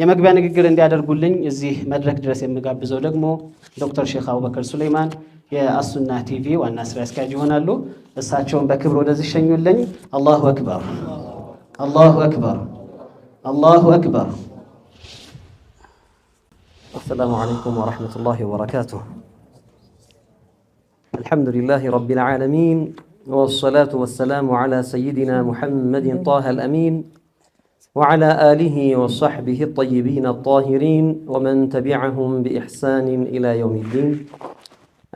የመግቢያ ንግግር እንዲያደርጉልኝ እዚህ መድረክ ድረስ የምጋብዘው ደግሞ ዶክተር ሼክ አቡበከር ሱሌይማን የአሱና ቲቪ ዋና ስራ አስኪያጅ ይሆናሉ። እሳቸውን በክብር ወደዚህ ሸኙልኝ። አላሁ አክበር፣ አላሁ አክበር፣ አላሁ አክበር። አሰላሙ ዓለይኩም ወረሕመቱላሂ ወበረካቱሁ። አልሐምዱሊላሂ ረቢል ዓለሚን ወሰላቱ ወሰላሙ ዓላ ሰይዲና ሙሐመድን ጣሃ አልአሚን وعلى آله وصحبه الطيبين الطاهرين ومن تبعهم بإحسان إلى يوم الدين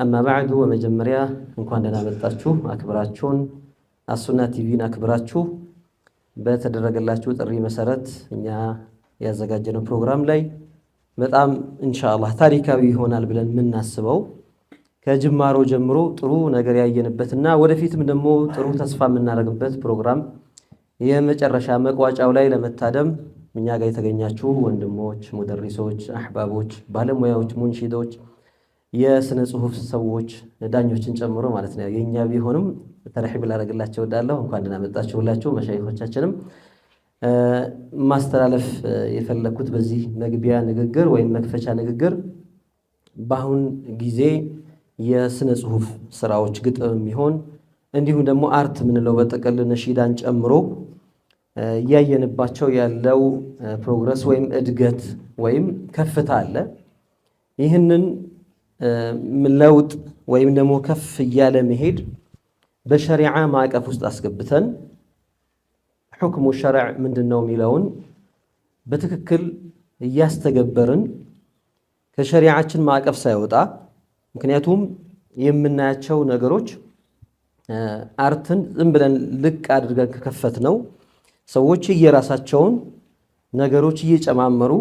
أما بعد ومجمريا እንኳን ደህና መጣችሁ አክብራችሁን አሱና ቲቪን አክብራችሁ በተደረገላችሁ ጥሪ መሰረት እኛ ያዘጋጀነው ፕሮግራም ላይ በጣም ኢንሻአላህ ታሪካዊ ይሆናል ብለን የምናስበው ከጅማሮ ጀምሮ ጥሩ ነገር ያየንበትና ወደፊትም ደግሞ ጥሩ ተስፋ የምናደርግበት ፕሮግራም የመጨረሻ መቋጫው ላይ ለመታደም እኛ ጋር የተገኛችሁ ወንድሞች፣ ሙደሪሶች፣ አሕባቦች፣ ባለሙያዎች፣ ሙንሺዶች፣ የስነ ጽሁፍ ሰዎች ዳኞችን ጨምሮ ማለት ነው። የእኛ ቢሆንም ተረሒብ ላደረግላቸው እወዳለሁ። እንኳን ደህና መጣችሁ ሁላችሁ። መሻይኮቻችንም ማስተላለፍ የፈለግኩት በዚህ መግቢያ ንግግር ወይም መክፈቻ ንግግር በአሁን ጊዜ የስነ ጽሁፍ ስራዎች ግጥም የሚሆን እንዲሁም ደግሞ አርት የምንለው በጠቅል ነሺዳን ጨምሮ እያየንባቸው ያለው ፕሮግረስ ወይም እድገት ወይም ከፍታ አለ። ይህንን ለውጥ ወይም ደግሞ ከፍ እያለ መሄድ በሸሪዓ ማዕቀፍ ውስጥ አስገብተን ሑክሙ ሸርዕ ምንድን ነው የሚለውን በትክክል እያስተገበርን ከሸሪዓችን ማዕቀፍ ሳይወጣ ምክንያቱም የምናያቸው ነገሮች አርትን ዝም ብለን ልቅ አድርገን ከከፈት ነው ሰዎች እየራሳቸውን ነገሮች እየጨማመሩ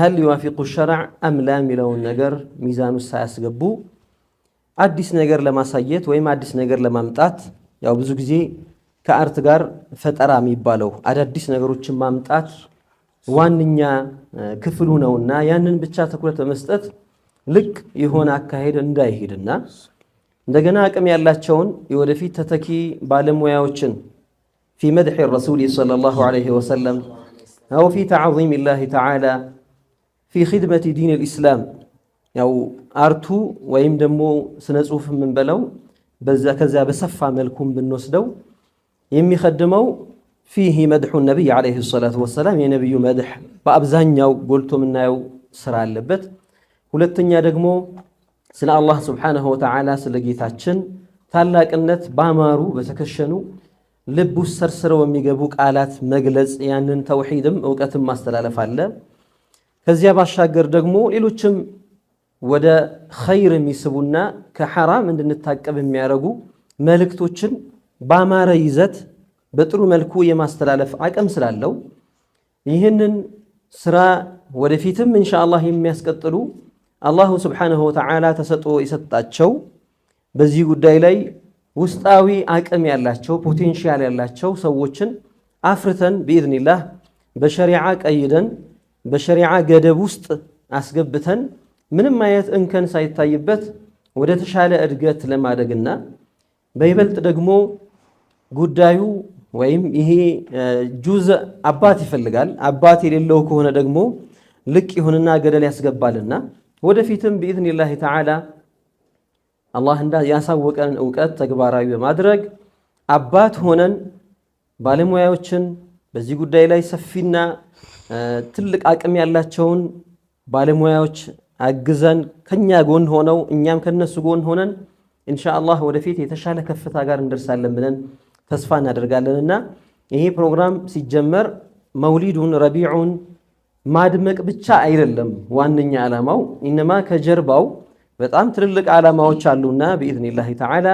ሀል ዩዋፊቁ ሸርዕ አምላ የሚለውን ነገር ሚዛን ውስጥ ሳያስገቡ አዲስ ነገር ለማሳየት ወይም አዲስ ነገር ለማምጣት ያው ብዙ ጊዜ ከአርት ጋር ፈጠራ የሚባለው አዳዲስ ነገሮችን ማምጣት ዋነኛ ክፍሉ ነውና ያንን ብቻ ትኩረት በመስጠት ልቅ የሆነ አካሄድ እንዳይሄድና እንደገና አቅም ያላቸውን የወደፊት ተተኪ ባለሙያዎችን في مدح الرسول صلى الله عليه وسلم أو في تعظيم الله تعالى في خدمة دين الإسلام أو أرتو ويم دمو سنصوف من بلو بذا كذا بسفا ملكم بنوسدو يمي خدمو فيه مدح النبي عليه الصلاة والسلام የነቢዩ መድሕ በአብዛኛው ጎልቶ የምናየው ስራ አለበት። ሁለተኛ ደግሞ ስለ አላህ ስብሓነሁ ወተዓላ ስለ ጌታችን ታላቅነት ባማሩ በተከሸኑ ልብ ውስጥ ሰርስረው የሚገቡ ቃላት መግለጽ፣ ያንን ተውሂድም እውቀትም ማስተላለፍ አለ። ከዚያ ባሻገር ደግሞ ሌሎችም ወደ ኸይር የሚስቡና ከሐራም እንድንታቀብ የሚያደርጉ መልእክቶችን በአማረ ይዘት በጥሩ መልኩ የማስተላለፍ አቅም ስላለው ይህንን ስራ ወደፊትም ኢንሻአላህ የሚያስቀጥሉ አላሁ ስብሓነሁ ወተዓላ ተሰጥኦ የሰጣቸው በዚህ ጉዳይ ላይ ውስጣዊ አቅም ያላቸው ፖቴንሻል ያላቸው ሰዎችን አፍርተን ቢኢዝኒላህ በሸሪዓ ቀይደን በሸሪዓ ገደብ ውስጥ አስገብተን ምንም አይነት እንከን ሳይታይበት ወደ ተሻለ እድገት ለማደግና በይበልጥ ደግሞ ጉዳዩ ወይም ይሄ ጁዝ አባት ይፈልጋል። አባት የሌለው ከሆነ ደግሞ ልቅ ይሁንና ገደል ያስገባልና ወደፊትም ቢኢዝኒላህ ተዓላ አላህ እንዳ ያሳወቀንን እውቀት ተግባራዊ በማድረግ አባት ሆነን ባለሙያዎችን በዚህ ጉዳይ ላይ ሰፊና ትልቅ አቅም ያላቸውን ባለሙያዎች አግዘን ከኛ ጎን ሆነው እኛም ከነሱ ጎን ሆነን ኢንሻአላህ ወደፊት የተሻለ ከፍታ ጋር እንደርሳለን ብለን ተስፋ እናደርጋለንና ይሄ ፕሮግራም ሲጀመር መውሊዱን ረቢዑን ማድመቅ ብቻ አይደለም ዋነኛ ዓላማው ኢነማ ከጀርባው በጣም ትልልቅ ዓላማዎች አሉና ብኢዝኒላህ ተዓላ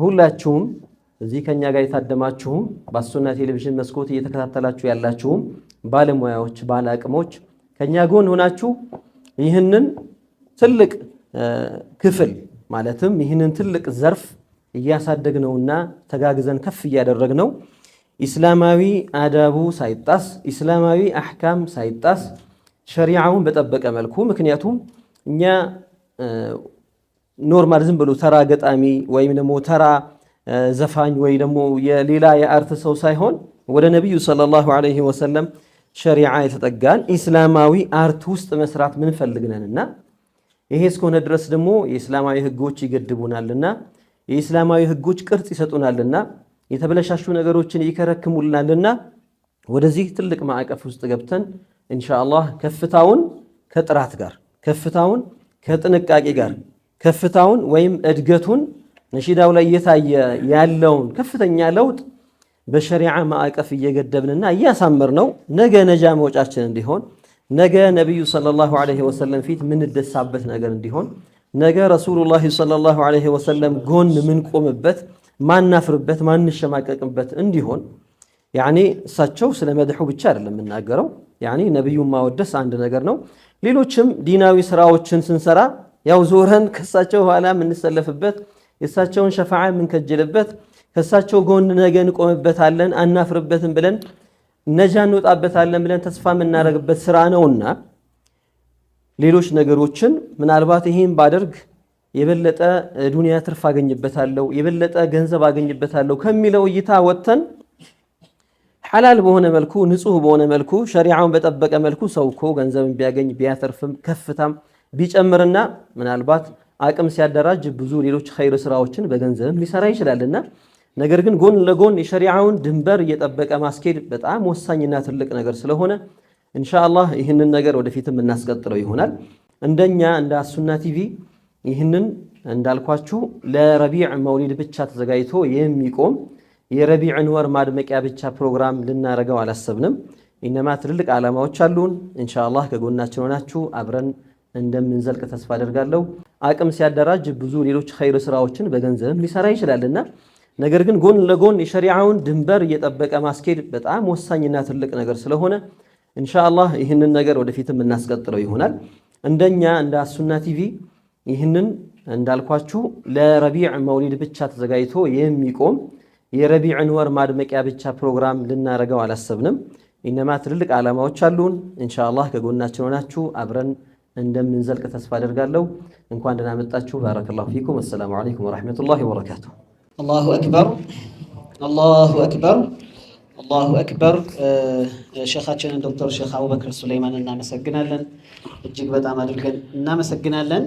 ሁላችሁም እዚህ ከኛ ጋር የታደማችሁም በሱና ቴሌቪዥን መስኮት እየተከታተላችሁ ያላችሁም ባለሙያዎች፣ ባለአቅሞች ከኛ ጎን ሆናችሁ ይህንን ትልቅ ክፍል ማለትም ይህንን ትልቅ ዘርፍ እያሳደግነውና ተጋግዘን ከፍ እያደረግነው ኢስላማዊ አዳቡ ሳይጣስ ኢስላማዊ አሕካም ሳይጣስ ሸሪዓውን በጠበቀ መልኩ ምክንያቱም እኛ ኖርማል ዝም ብሎ ተራ ገጣሚ ወይም ደግሞ ተራ ዘፋኝ ወይ ደግሞ የሌላ የአርት ሰው ሳይሆን ወደ ነቢዩ ሰለላሁ ዐለይሂ ወሰለም ሸሪዓ የተጠጋን ኢስላማዊ አርት ውስጥ መስራት ምንፈልግ ነንና ይሄ እስከሆነ ድረስ ደግሞ የእስላማዊ ህጎች ይገድቡናልና የእስላማዊ ህጎች ቅርጽ ይሰጡናልና የተበለሻሹ ነገሮችን ይከረክሙልናልና ወደዚህ ትልቅ ማዕቀፍ ውስጥ ገብተን ኢንሻአላህ ከፍታውን ከጥራት ጋር ከፍታውን ከጥንቃቄ ጋር ከፍታውን ወይም እድገቱን ነሺዳው ላይ እየታየ ያለውን ከፍተኛ ለውጥ በሸሪዓ ማዕቀፍ እየገደብንና እያሳመር ነው ነገ ነጃ መውጫችን እንዲሆን ነገ ነቢዩ ሰለላሁ ዐለይሂ ወሰለም ፊት ምንደሳበት ነገር እንዲሆን ነገ ረሱሉላህ ሰለላሁ ዐለይሂ ወሰለም ጎን ምንቆምበት ማናፍርበት ማንሸማቀቅበት እንዲሆን ያኔ እሳቸው ስለ መድሑ ብቻ አይደለም የምናገረው። ያኔ ነቢዩን ማወደስ አንድ ነገር ነው። ሌሎችም ዲናዊ ስራዎችን ስንሰራ ያው ዞረን ከእሳቸው ኋላ የምንሰለፍበት የእሳቸውን ሸፋዓ የምንከጅልበት ከእሳቸው ጎን ነገ እንቆምበታለን አናፍርበትም ብለን ነጃ እንወጣበታለን ብለን ተስፋ የምናደርግበት ስራ ነውና ሌሎች ነገሮችን ምናልባት ይሄን ባደርግ የበለጠ ዱንያ ትርፍ አገኝበታለሁ፣ የበለጠ ገንዘብ አገኝበታለሁ ከሚለው እይታ ወጥተን ሐላል በሆነ መልኩ ንጹህ በሆነ መልኩ ሸሪዓውን በጠበቀ መልኩ ሰው እኮ ገንዘብን ቢያገኝ ቢያተርፍም ከፍታም ቢጨምርና ምናልባት አቅም ሲያደራጅ ብዙ ሌሎች ኸይር ስራዎችን በገንዘብም ሊሰራ ይችላልና፣ ነገር ግን ጎን ለጎን የሸሪዓውን ድንበር እየጠበቀ ማስኬድ በጣም ወሳኝና ትልቅ ነገር ስለሆነ ኢንሻአላህ ይህንን ነገር ወደፊትም እናስቀጥለው ይሆናል። እንደኛ እንደ አሱና ቲቪ ይህንን እንዳልኳችሁ ለረቢዕ መውሊድ ብቻ ተዘጋጅቶ የሚቆም የረቢዕን ወር ማድመቂያ ብቻ ፕሮግራም ልናደርገው አላሰብንም። ኢነማ ትልልቅ ዓላማዎች አሉን። ኢንሻአላህ ከጎናችን ሆናችሁ አብረን እንደምንዘልቅ ተስፋ አደርጋለሁ። አቅም ሲያደራጅ ብዙ ሌሎች ኸይር ስራዎችን በገንዘብም ሊሰራ ይችላልና፣ ነገር ግን ጎን ለጎን የሸሪዓውን ድንበር እየጠበቀ ማስኬድ በጣም ወሳኝና ትልቅ ነገር ስለሆነ ኢንሻአላህ ይህንን ነገር ወደፊትም እናስቀጥለው ይሆናል። እንደኛ እንደ አሱና ቲቪ ይህንን እንዳልኳችሁ ለረቢዕ መውሊድ ብቻ ተዘጋጅቶ የሚቆም የረቢዕን ወር ማድመቂያ ብቻ ፕሮግራም ልናደርገው አላሰብንም። ኢነማ ትልልቅ ዓላማዎች አሉን። ኢንሻአላህ ከጎናችን ሆናችሁ አብረን እንደምንዘልቅ ተስፋ አደርጋለሁ። እንኳን ደህና መጣችሁ። ባረከላሁ ፊኩም። አሰላሙ አለይኩም ወረሕመቱላሂ ወበረካቱ። አላሁ አክበር፣ አላሁ አክበር፣ አላሁ አክበር። ሼኻችንን ዶክተር ሼኽ አቡበክር ሱለይማን እናመሰግናለን። እጅግ በጣም አድርገን እናመሰግናለን።